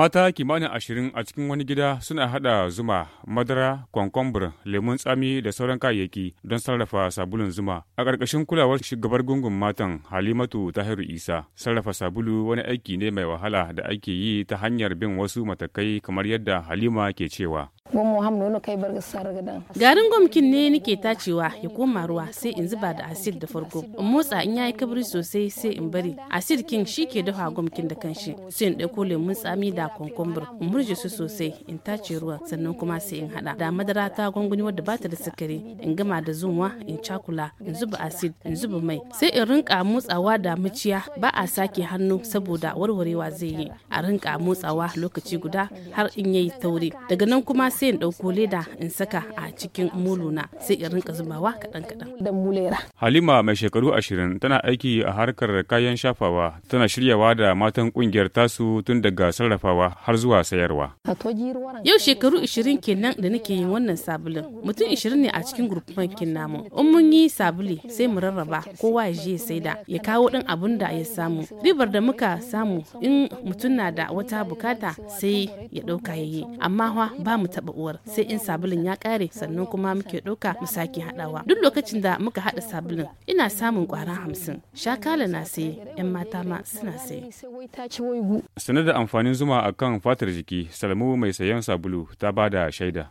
Mata kimanin ashirin a cikin wani gida suna hada zuma, madara, kwankwambur, lemun tsami da sauran kayayyaki don sarrafa sabulun zuma. A ƙarƙashin kulawar shugabar gungun matan Halimatu Tahiru Isa, sarrafa sabulu wani aiki ne mai wahala da ake yi ta hanyar bin wasu matakai kamar yadda Halima ke cewa. gomo ham nono kai bar garin gomkin ne nake tacewa ya koma ruwa sai in zuba da acid da farko in motsa in yayi kabri sosai sai in bari acid king ke dafa gwamkin da kanshi sai in dauko lemun tsami da konkombur in murje su sosai in tace ruwa sannan kuma sai in hada da madara ta gwangwani wadda bata da sukari in gama da zumwa in cakula in zuba acid in zuba mai sai in rinka motsawa da muciya ba a sake hannu saboda warwarewa zai yi a rinka motsawa lokaci guda har in yayi tauri daga nan kuma sai in ɗauko leda in saka a cikin na sai in rinka zubawa kaɗan kaɗan. Halima mai shekaru ashirin tana aiki a harkar kayan shafawa tana shiryawa da matan ƙungiyar tasu tun daga sarrafawa har zuwa sayarwa. Yau shekaru ashirin kenan da nake yin wannan sabulin mutum ashirin ne a cikin gurfankin namu in mun yi sabuli sai mu rarraba kowa ya je ya saida ya kawo ɗan abun da ya samu ribar da muka samu in mutum na da wata bukata sai ya ɗauka ya amma ba mu taɓa raba sai in sabulin ya kare sannan kuma muke ɗauka mu sake haɗawa duk lokacin da muka haɗa sabulin ina samun ƙwara hamsin shakala na saye yan mata ma suna saye. sanar da amfanin zuma a kan fatar jiki salmu mai sayan sabulu ta ba da shaida.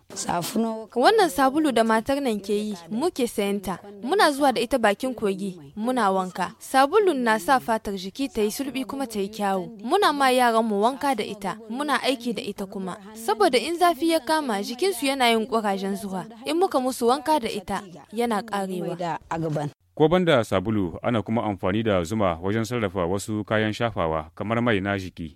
wannan sabulu da matar nan ke yi muke sayanta muna zuwa da ita bakin kogi muna wanka sabulun na sa fatar jiki ta yi sulbi kuma ta yi kyawu muna ma yaran mu wanka da ita muna aiki da ita kuma saboda in zafi ya kama jikinsu yana yin ƙwarajen zuwa in muka musu wanka da ita yana ƙarewa. Ko banda sabulu ana kuma amfani da zuma wajen sarrafa wasu kayan shafawa kamar mai na jiki.